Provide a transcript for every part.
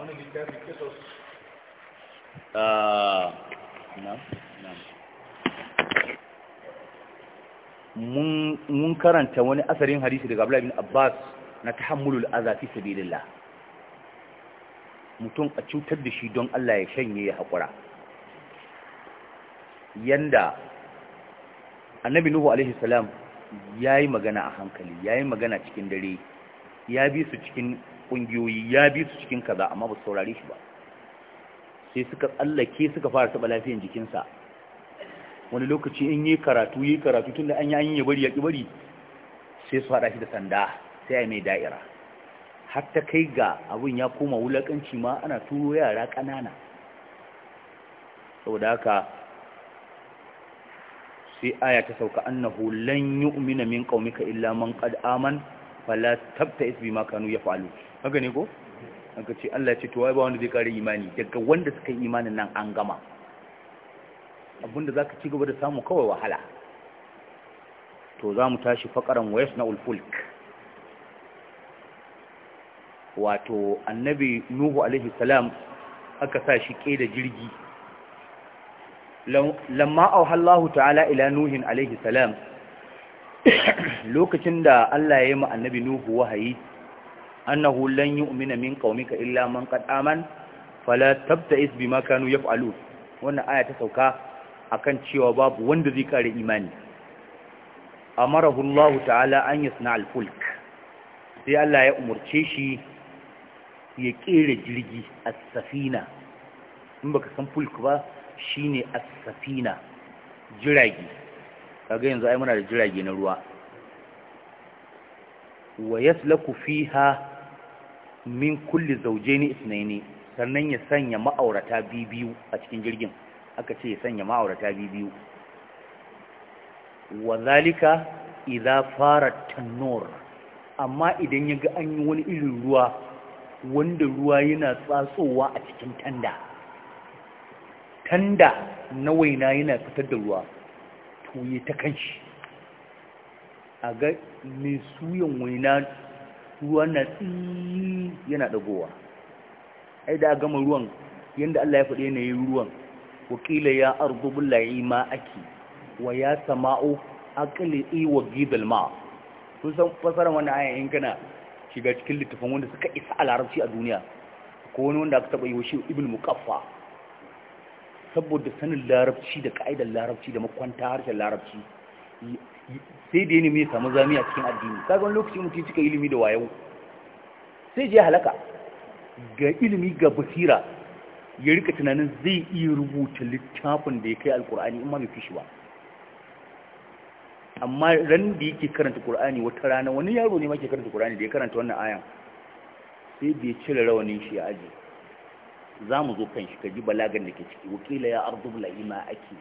wani ah, mun karanta wani asarin hadisi daga abu bin Abbas na tahammulul aza fi sabilillah mutum a cutar da shi don Allah ya shanye ya haƙura yanda annabi Nuhu alaihi salam ya yi magana a hankali ya yi magana cikin dare ya bi su cikin kungiyoyi ya bi su cikin kaza amma ba su saurare shi ba sai suka tsallake suka fara taɓa lafiyan jikinsa wani lokaci in yi karatu yi karatu tun da an yi an yi bari ya ki bari sai su haɗa shi da sanda sai a mai da'ira har ta kai ga abin ya koma wulaƙanci ma ana turo yara ƙanana saboda haka sai aya ta sauka annahu lan yu'mina min qaumika illa man qad amana wala tabta isbi ma kanu fa’alu haka ne ko haka ce Allah ya ce to wai ba wanda zai kare imani daga wanda suka yi imanin nan an gama abinda zaka ci gaba da samu kawai wahala to za mu tashi fakaran wayas na ulfulk wato annabi nuhu alaihi salam aka sa shi ke da jirgi lamma auhallahu ta'ala ila nuhin alaihi salam lokacin da Allah ya yi ma annabi nuhu wahayi annahu lan yu'mina min qaumika illa man qad aman fala tabta'is bima kanu yaf'alun wannan aya ta sauka akan cewa babu wanda zai kare imani amarahu Allah ta'ala an yasna al-fulk sai Allah ya umarce shi ya ƙera jirgi a safina in baka san fulk ba shine as-safina jiragi kaga yanzu ai muna da jirage na ruwa wa yaslaku fiha min kulli zawjaini ithnaini sannan ya sanya ma'aurata biyu a cikin jirgin aka ce ya sanya ma'aurata biyu wa zalika idza farat tanur amma idan yaga an yi wani irin ruwa wanda ruwa yana tsatsowa a cikin tanda tanda na waina yana fitar da ruwa Koye ta kanshi a ga mai suyan waina ruwan na yana dagowa ai da gama ruwan yadda Allah ya faɗi yi ruwan wakila ya arzobin layi ma ake wa ya sama'o akali wa gibal ma sun san fasara wani ayan yin gana shiga cikin littafin wanda suka isa a larabci a duniya ko wani wanda aka taɓa yi wa shi ibn mukaffa saboda sanin larabci da ka'idar larabci da makwanta harshen larabci sai da ya nemi ya samu zami a cikin addini wani lokaci mutum cika ilimi da wayo sai je halaka ga ilimi ga basira ya rika tunanin zai iya rubuta littafin da ya kai alkur'ani in ma bai fi shi ba amma ran da yake karanta kur'ani wata rana wani yaro ne ma ke karanta kur'ani da ya karanta wannan ayan sai da ya cire rawanin shi ya ajiye za mu zo kan shi ka ji balagan da ke ciki wakila ya arzu bula'i ma ake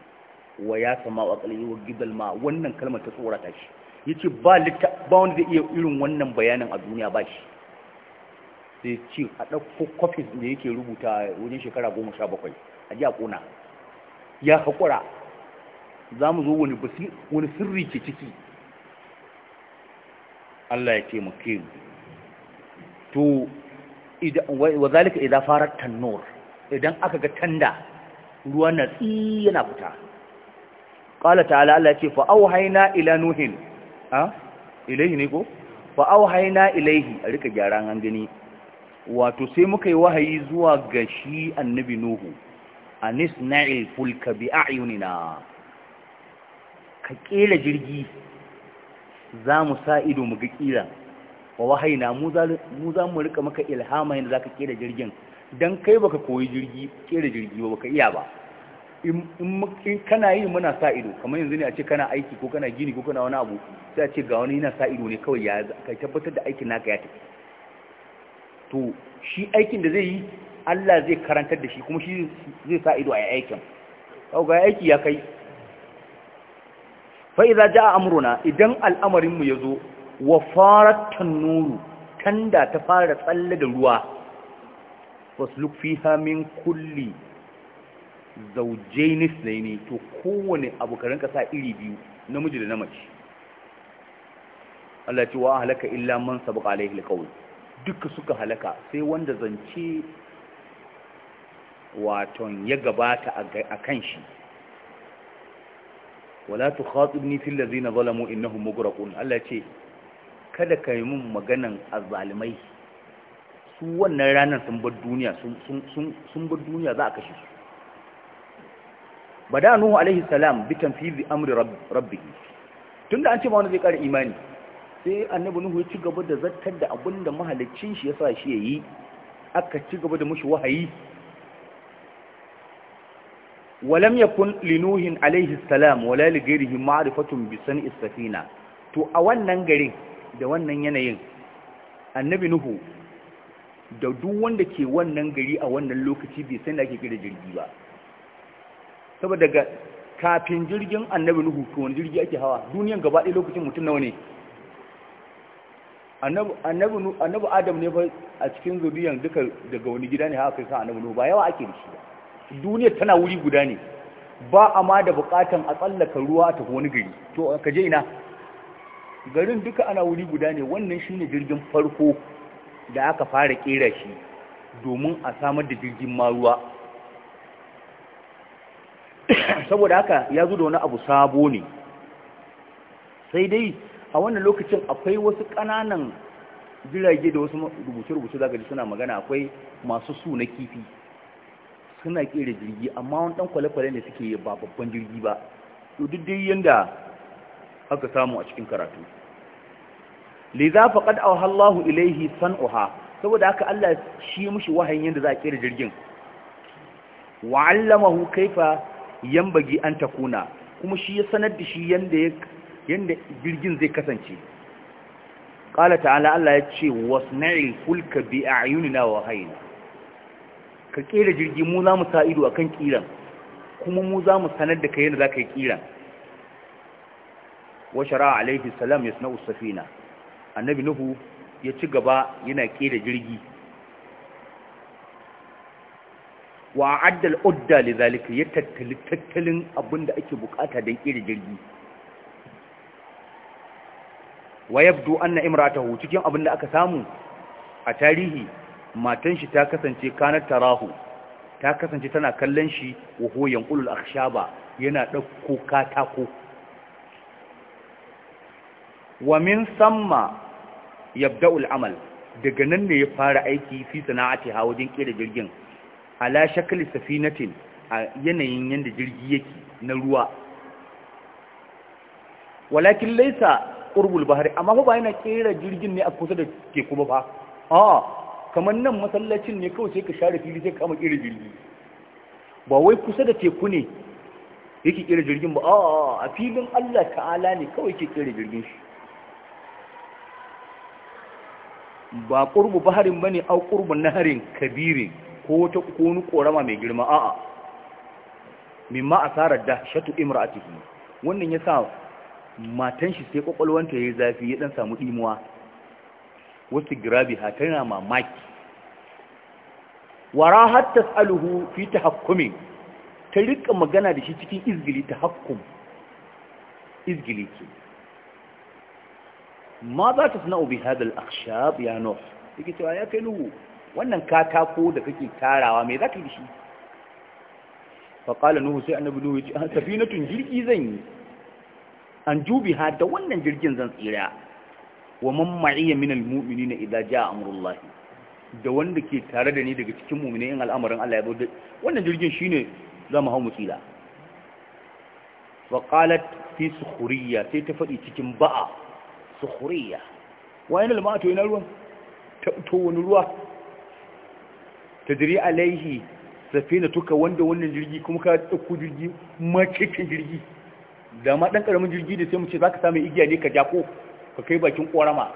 wa ya sama wa kalli wa gidal ma wannan kalmar ta tsorata shi ya ce ba wanda zai iya irin wannan bayanin a duniya ba shi sai ce a ɗauko kwafi da yake rubuta wajen shekara goma sha bakwai a ji a ƙona ya haƙura za mu zo wani sirri ke ciki Allah ya taimake mu to Wazalika zalika idan farar tannur idan aka ga tanda ruwa na yana fita ƙala ta'ala Allah ce fa auhayna ila nuhin ha ilaihi ne ko fa auhayna ilaihi a rika gyaran an gani wato sai muka yi wahayi zuwa ga shi annabi nuhu anis na'il fulka bi a'yunina ka ƙera jirgi za mu sa ido mu ga kiran wa wahaina mu za mu rika maka ilhama yadda zaka kera jirgin dan kai baka koyi jirgi kera jirgi ba baka iya ba in kana yi muna sa ido kamar yanzu ne a ce kana aiki ko kana gini ko kana wani abu sai a ce ga wani yana sa ido ne kawai ya kai tabbatar da aikin naka ya tafi to shi aikin da zai yi Allah zai karantar da shi kuma shi zai sa ido a aikin kawai ga aiki ya kai fa idza jaa amruna idan al'amarin mu yazo wa faratun nuru tanda ta fara tsalle da ruwa wasluk fiha min kulli zaujainis ne to kowane abu karin kasa iri biyu namiji da na mace Allah ce wa halaka illa man sabqa alaihi alqawl duka suka halaka sai wanda zance waton ya gabata a kan shi wala tukhatibni fil ladina zalamu innahum mughraqun Allah ce kada ka yi mun maganan azalimai su wannan ranar sun bar duniya sun bar duniya za a kashe su bada nuhu alaihi salam bi tanfizi amri rabbi tunda an ce ma wani zai kare imani sai annabi nuhu ya ci gaba da zartar da abin da mahalicin shi ya sa shi yayi aka ci gaba da mushi wahayi walam yakun linuhin alaihi salam wala li ghairihi ma'rifatun bi san'i safina to a wannan garin da wannan yanayin annabi nuhu da duk wanda ke wannan gari a wannan lokaci bai san da ake kira jirgi ba saboda ga kafin jirgin annabi nuhu to wani jirgi ake hawa duniyan gaba ɗaya lokacin mutum nawa ne annabi adam ne fa a cikin zuriyan duka daga wani gida ne haka kai sa annabi nuhu ba yawa ake da shi ba duniya tana wuri guda ne ba a ma da bukatan a tsallaka ruwa ta wani gari to ka je ina garin duka ana wuri guda ne wannan shine jirgin farko da aka fara kera shi domin a samar da jirgin maruwa saboda haka ya zo da wani abu sabo ne sai dai a wannan lokacin akwai wasu ƙananan jirage da wasu rubuce-rubuce zaka ji suna magana akwai masu su na kifi suna kera jirgi amma wani ɗan kwale-kwale ne suke yi ba babban jirgi ba duk dai yanda aka samu a cikin karatu liza faqad Allah ilayhi san'uha saboda haka Allah shi mishi wahayin yanda za a kira jirgin wa 'allamahu kaifa yanbaghi an takuna kuma shi ya sanar da shi yanda yanda jirgin zai kasance qala ta'ala Allah ya ce wasna'il fulka bi a'yunina wa hayna ka kira jirgi mu za mu sa ido akan kiran kuma mu za mu sanar da kai yanda za ka yi kiran wa shara'a alaihi salam ya yasna'u safina annabi nuhu ya ci gaba yana da jirgi wa addal udda zalika ya tattali tattalin abinda ake bukata don da jirgi wa yabdu anna imratahu cikin da aka samu a tarihi matan shi ta kasance kanar tarahu ta kasance tana kallon shi wa hoyan ulul akhshaba yana dauko katako wa min samma yabda'ul amal daga nan ne ya fara aiki fi sana'ati ha wajen kera jirgin ala shakli safinatin a yanayin yanda jirgi yake na ruwa walakin laisa qurbul bahri amma fa ba yana kera jirgin ne a kusa da teku ba fa a kamar nan masallacin ne kawai sai ka share fili sai ka kama kera jirgi ba wai kusa da teku ne yake kera jirgin ba a a filin Allah ta'ala ne kawai yake kera jirgin shi ba ƙurbu baharin ne au na harin kabirin ko ta kunu ƙorama mai girma a'a mimma asarar da shatu a imra'atihi wannan ya sa matan shi sai ya yi zafi ya ɗan samu ɗimuwa? wasu girabi ha tana mamaki wara hatta tas'aluhu fi tahakkumin ta rika magana da shi cikin izgili hakkum izgili ke za ta ماذا تصنع بهذا الأخشاب يا نوح yake cewa ya kai nuhu wannan katako da kake tarawa mai za ka yi da shi fa qala nuhu sai annabi nuhu yace safinatun jirgi zan yi an jubi ha da wannan jirgin zan tsira wa man ma'iya min almu'minina idza jaa amrullahi da wanda ke tare da ni daga cikin mu'mini in al'amarin Allah ya bude wannan jirgin shine zamu hawo mu tsira wa qalat fi sukhuriyya sai ta faɗi cikin ba'a sukhriya wani alma'atu ina ruwan to wani ruwa tadri alaihi safina tuka wanda wannan jirgi kuma ka dauko jirgi ma cikin jirgi da ma dan karamin jirgi da sai mu ce zaka samu igiya ne ka jako ka kai bakin korama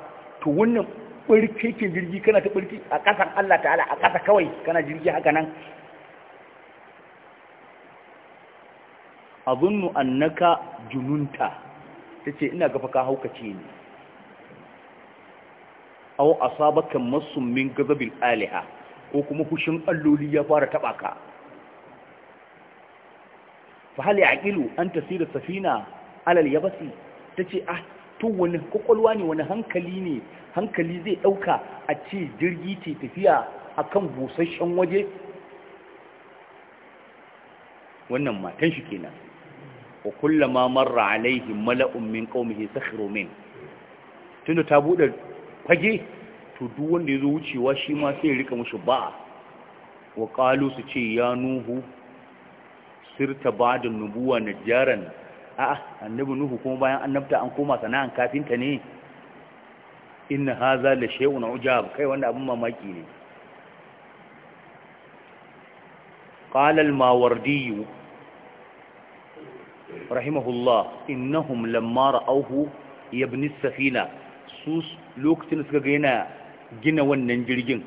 to wannan barkekin jirgi kana ta barki a kasan Allah ta'ala a kasa kawai kana jirgi haka nan azunnu annaka jununta tace ina gafa ka haukace ni aw asabaka masum min gazabil aliha ko kuma fushin alloli ya fara taba ka fa hal yaqilu an tasira safina alal yabasi tace ah to wani kokolwa ne wani hankali ne hankali zai dauka a ce jirgi ce tafiya akan busasshen waje wannan matan shi kenan wa kullama marra alaihim mala'un min qaumihi sakhiru min tunda ta bude fage to duk wanda ya zo wucewa shi ma sai ya rika musu ba wa su ce ya nuhu sirta ba da nubuwa na jaran a annabi nuhu kuma bayan annabta an koma sana'an kafinta ne inna haza la shay'un ujab kai wanda abin mamaki ne qala al-mawardi rahimahullah innahum auhu ra'awhu yabni as su lokacin da suka ga gina wannan jirgin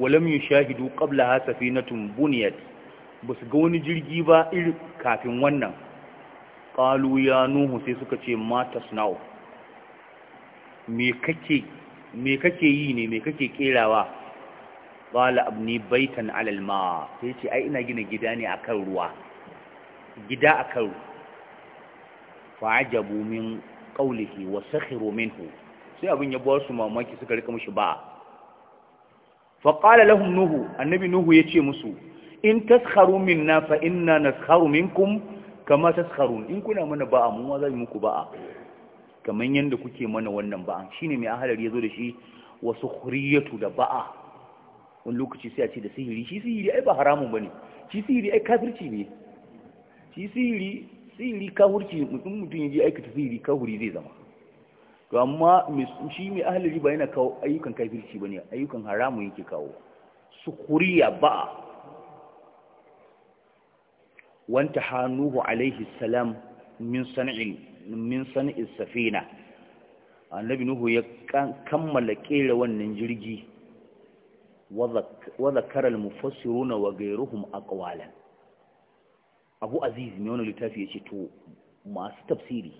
walam yushahidu qablaha safinatun buniyat su ga wani jirgi ba irin kafin wannan qalu ya nuhu sai suka ce ma tasna'u me kake me yi ne me kake kerawa qala abni baitan alalma. ma sai ce ai ina gina gida ne akan ruwa gida akan ruwa fa'ajabu min qawlihi wa sakhiru minhu sai abin ya ba su mamaki suka rika mushi ba fa qala lahum nuhu annabi nuhu yace musu in taskharu minna fa inna naskharu minkum kama taskharun in kuna mana ba'a mu ma za mu muku ba'a kaman yanda kuke mana wannan ba'a shine mai ahalar yazo da shi wa sukhriyatu da ba'a wani lokaci sai a ce da sihiri shi sihiri ai ba haramun bane shi sihiri ai kafirci ne shi sihiri sihiri kafirci mutum mutum yaji aikata sihiri kafiri zai zama to amma shi mai ahalin riba yana kawo ayyukan kafirci ba ne ayyukan haramun yake kawo su kuriya ba wanta hannuhu alaihi salam min sana'in safina annabi nuhu ya kammala kera wannan jirgi wadda karar mufassiruna wa gairuhun akwalan abu aziz ne wani littafi ya ce to masu tafsiri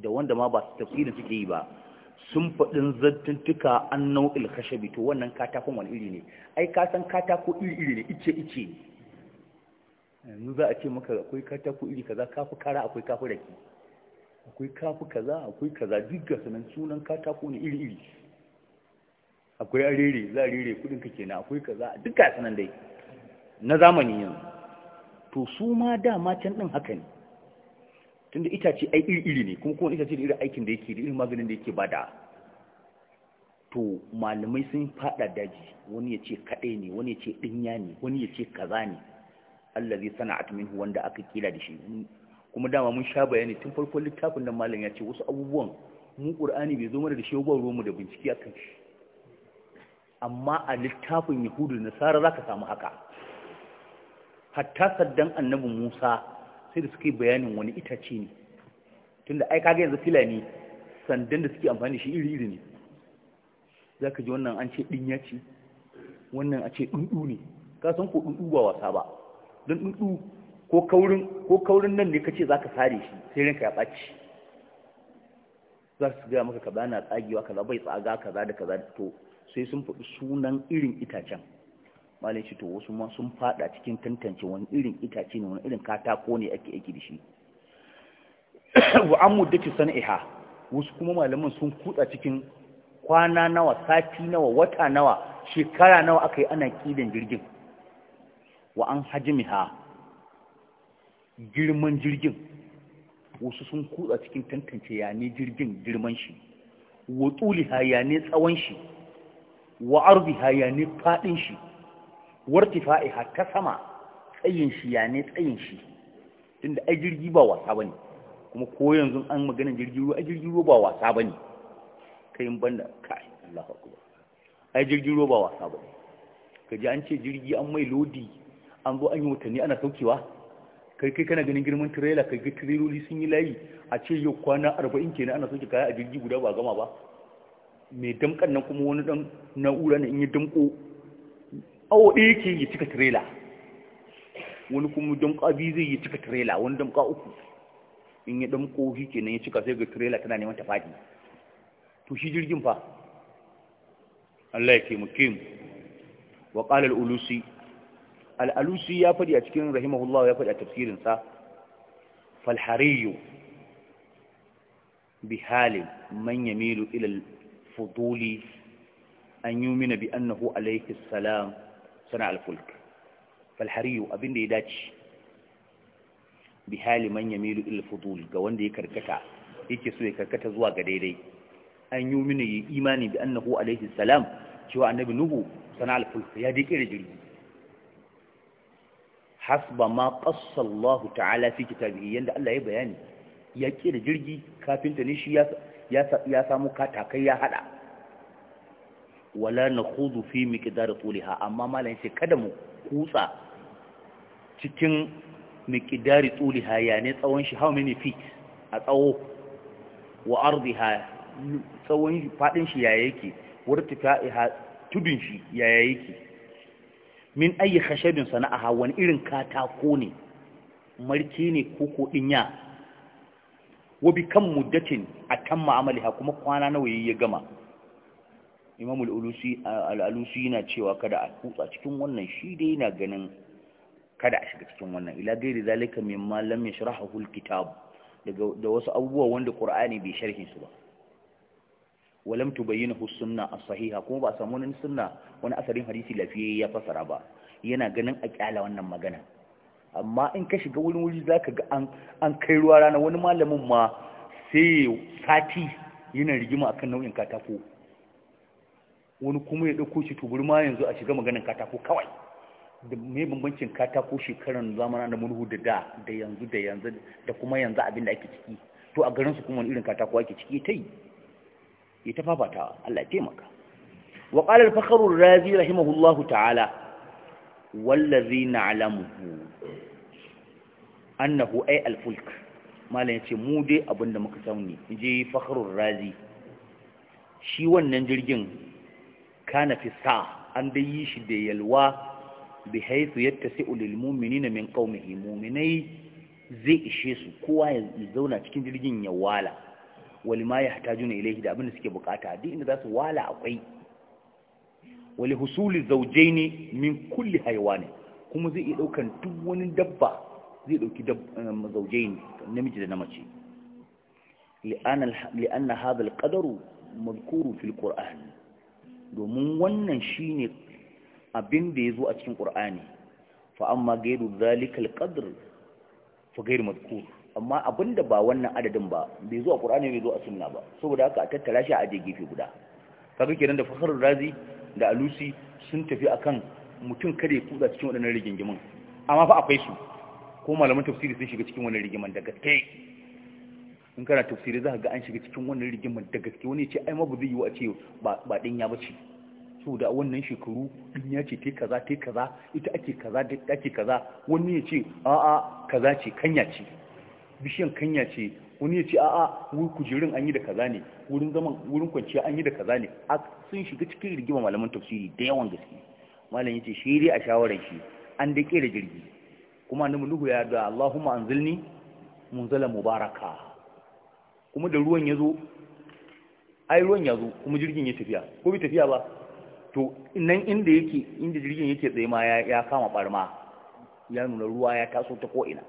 da wanda ma ba da suke yi ba sun faɗin zartuntuka an nau'il kashabi. to wannan katakon wani iri ne ai ka san katako iri iri ne ice ice yanzu za a ce maka akwai katako iri kaza kafi kara akwai kafi raki. akwai kafi kaza akwai kaza duk ga sanan sunan katako ne iri iri akwai arere za a rere kudin ka kenan akwai kaza duk ga sanan dai na zamani yanzu to su ma dama can din haka ne tunda itace ai iri-iri ne kuma kowane itace da irin aikin da yake da irin maganin da yake bada to malamai sun fada daji wani ya ce kaɗai ne wani ya ce ɗinya ne wani ya ce kaza ne Allah zai sana a minhu wanda aka kila da shi kuma dama mun sha bayani tun farko littafin nan malam ya ce wasu abubuwan mu ƙur'ani bai zo mana da shi ba mu da bincike a kan shi amma a littafin yahudu da nasara za ka samu haka hatta saddan annabi musa sai da suka yi bayanin wani itace ne tunda aika ga yanzu filani sandan da suke amfani da shi iri-iri ne za ka ji wannan an ce ɗin ce wannan a ce ɗunɗu ne ka san ko ɗunɗu ba wasa ba don ɗunɗu ko kaurin nan ne ka ce za ka sare shi sai rinka ya ɓaci za su gaya maka ka na tsagewa kaza bai tsaga kaza da kaza to sai sun faɗi sunan irin itacen malai ce to wasu ma sun fada cikin tantance wani irin itace ne wani irin katako ne ake aiki da shi wa an muddati sana'iha wasu kuma malaman sun kutsa cikin kwana nawa sati nawa wata nawa shekara nawa aka yi ana kidan jirgin wa an hajimiha girman jirgin wasu sun kutsa cikin tantance ya ne jirgin girman shi wa tuliha ya ne tsawon shi wa arziha ya ne fadin shi wartifa'iha ta sama tsayin shi ya ne tsayin shi tunda ai jirgi ba wasa bane kuma ko yanzu an magana jirgi ruwa ai jirgi ruwa ba wasa bane kai in banda kai Allahu akbar ai jirgi ruwa ba wasa bane kaji an ce jirgi an mai lodi an zo an yi watanni ana saukewa kai kai kana ganin girman trailer kai ga tireloli sun yi layi a ce yau kwana 40 kenan ana sauke kaya a jirgi guda ba gama ba mai damkan nan kuma wani dan na'ura ne in yi damko awo ɗaya ke yi cika tirela wani kuma damƙa biyu zai yi cika tirela wani damƙa uku in ya damƙo shi nan ya cika sai ga tirela tana neman ta faɗi to shi jirgin fa Allah ya ke mu wa ƙala al-ulusi ya faɗi a cikin rahimahullah ya faɗi a tafsirinsa. sa fal bi halin man yamilu ilal fuduli an mina bi annahu alayhi salam sana alfulk falhariyu abinda ya dace bi hali man yamilu il fudul ga wanda ya karkata yake so ya karkata zuwa ga daidai an yi mini imani bi annahu alaihi salam cewa annabi nuhu sana alfulk ya dike da jirgi hasba ma qassa Allah ta'ala fi kitabihi yanda Allah ya bayani ya kira jirgi kafinta ne shi ya ya samu katakai ya hada wala na hudu fi miƙidar tuliha amma malam ce kada mu kutsa cikin miƙidar tuliha ya ne tsawon shi how many feet a tsawo wa arziha tsawon faɗin shi ya yake wurin tafiya tudun shi yaya yake min ayi khashabin sana'aha wani irin katako ne marke ne ko ko dinya wa bi kan muddatin akan kuma kwana nawa yayi ya gama imamul al-alusi yana cewa kada a kutsa cikin wannan shi dai yana ganin kada a shiga cikin wannan ila gairi zalika mimma lam yashrahu al-kitab daga da wasu abubuwa wanda qur'ani bai sharhi su ba walam tubayyinahu sunna as-sahiha kuma ba samu wani sunna wani asarin hadisi lafiye ya fasara ba yana ganin a kyala wannan magana amma in ka shiga wurin wuri zaka ga an an kai ruwa rana wani malamin ma sai sati yana rigima akan nau'in katako wani kuma ya ɗauko shi tubur ma yanzu a shiga maganin katako kawai da mai bambancin katako shekarar zamanin da mulhu da da da yanzu da yanzu da kuma yanzu abin da ake ciki to a garin su kuma irin katako ake ciki ta yi ya ta fafatawa Allah ya taimaka wa qala al-fakhr ar-razi rahimahullahu ta'ala wallazi alamu. annahu ay al-fulk malan yace mu dai abinda muka sauni je fakhr ar-razi shi wannan jirgin kana fi sa an dai yi shi da yalwa bi sai yattasi'u lil mu'minina min qaumihi mu'minai zai ishe su kowa ya zauna cikin jirgin ya wala wali ma yahtajuna ilayhi da abin da suke bukata duk inda za su wala akwai wali husuli ne min kulli haywani kuma zai iya daukan duk wani dabba zai dauki um, zawjaini namiji da na mace li'anna hadha al-qadaru madhkuru fil qur'an domin wannan shine abin da ya zo a cikin ƙur'ani fa amma zalikal qadr fa gairu matku amma abinda ba wannan adadin ba bai zo a ƙur'ani bai zo a suna ba saboda haka a tattara shi a gefe guda kaga kenan da fasarar razi da alusi sun tafi a kan mutum kada ya kusa cikin waɗannan rigingimin amma fa akwai su ko malaman tafsiri sun shiga cikin wani rigiman daga gaske in kana tafsiri za ka ga an shiga cikin wannan rigimar da gaske wani ce ai ma ba zai yi wa ce ba din ba ce so da wannan shekaru ya ce kai kaza kai kaza ita ake kaza ake kaza wani ya ce a'a kaza ce kanya ce bishiyan kanya ce wani ya ce a'a wurin kujerun an yi da kaza ne wurin zaman wurin kwanciya an yi da kaza ne sun shiga cikin rigima malaman tafsiri da yawan gaske malam yace shi dai a shawaran shi an dake da jirgi kuma annabi Nuhu ya da Allahumma anzilni munzala mubaraka kuma da ruwan ya zo ai ruwan ya zo kuma jirgin ya tafiya ko bai tafiya ba to nan inda yake inda jirgin yake tsaye ma ya kama barma ya nuna ruwa ya taso ta ko'ina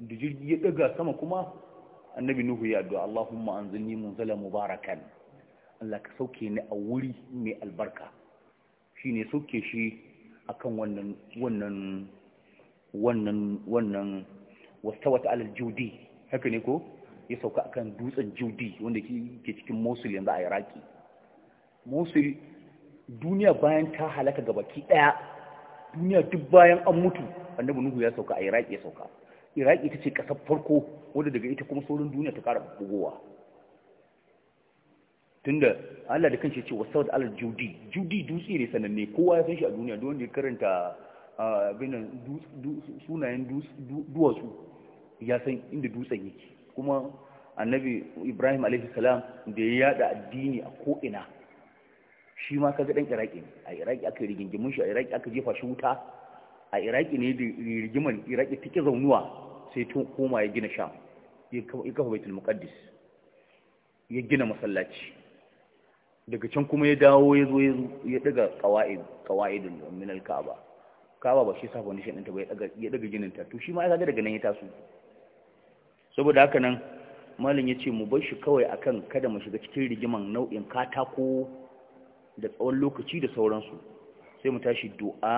da jirgi ya daga sama kuma annabi nuhu ya addu'a Allahumma anzilni munzala mubarakan Allah ka sauke ni a wuri mai albarka shine sauke shi akan wannan wannan wannan wannan wastawat alal judi haka ne ko ya sauka akan dutsen judi wanda ke cikin mosul yanzu a iraki mosul duniya bayan ta halaka gabaki daya duniya duk bayan an mutu annabi nuhu ya sauka a iraki ya sauka iraki ita ce kasar farko wadda daga ita kuma saurin duniya ta kara bugowa tunda Allah da kanshi ya ce wasau da alal judi judi dutse ne sananne kowa ya san shi a duniya don wanda ya karanta binan sunayen duwatsu ya san inda dutsen yake kuma annabi ibrahim alaihissalam da ya yada addini a ko'ina shi ma kaga dan iraki ne a iraki aka rigingimin shi a iraki aka jefa shi wuta a iraki ne da rigimar iraki ta ke zaunuwa sai tun koma ya gina sham ya kafa baitul muqaddis ya gina masallaci daga can kuma ya dawo ya zo ya daga qawaid qawaidun min al-kaaba kaaba ba shi sa foundation ɗin ta ba ya daga ginin ta to shi ma ya kaga daga nan ya taso saboda haka nan malin ya ce mu bar shi kawai akan kada mu shiga cikin rigiman nau'in katako da tsawon lokaci da sauransu sai mu tashi du'a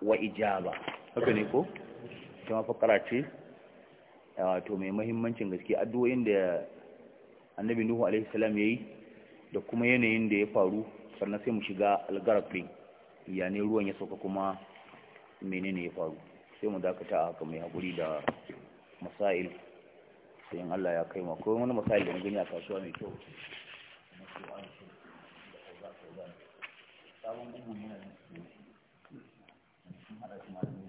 wa ijaba haka ne ko ta mafakara ce wato mai mahimmancin gaske addu'o'in da annabi nuhu alaihi salam yayi da kuma yanayin da ya faru sannan sai mu shiga algarafin ya ne ruwan ya sauka kuma menene ya faru sai mu dakata haka mai haƙuri da masail sai in Allah ya kai ma wani misali da gani a kasuwa mai kyau sabon bugu yana da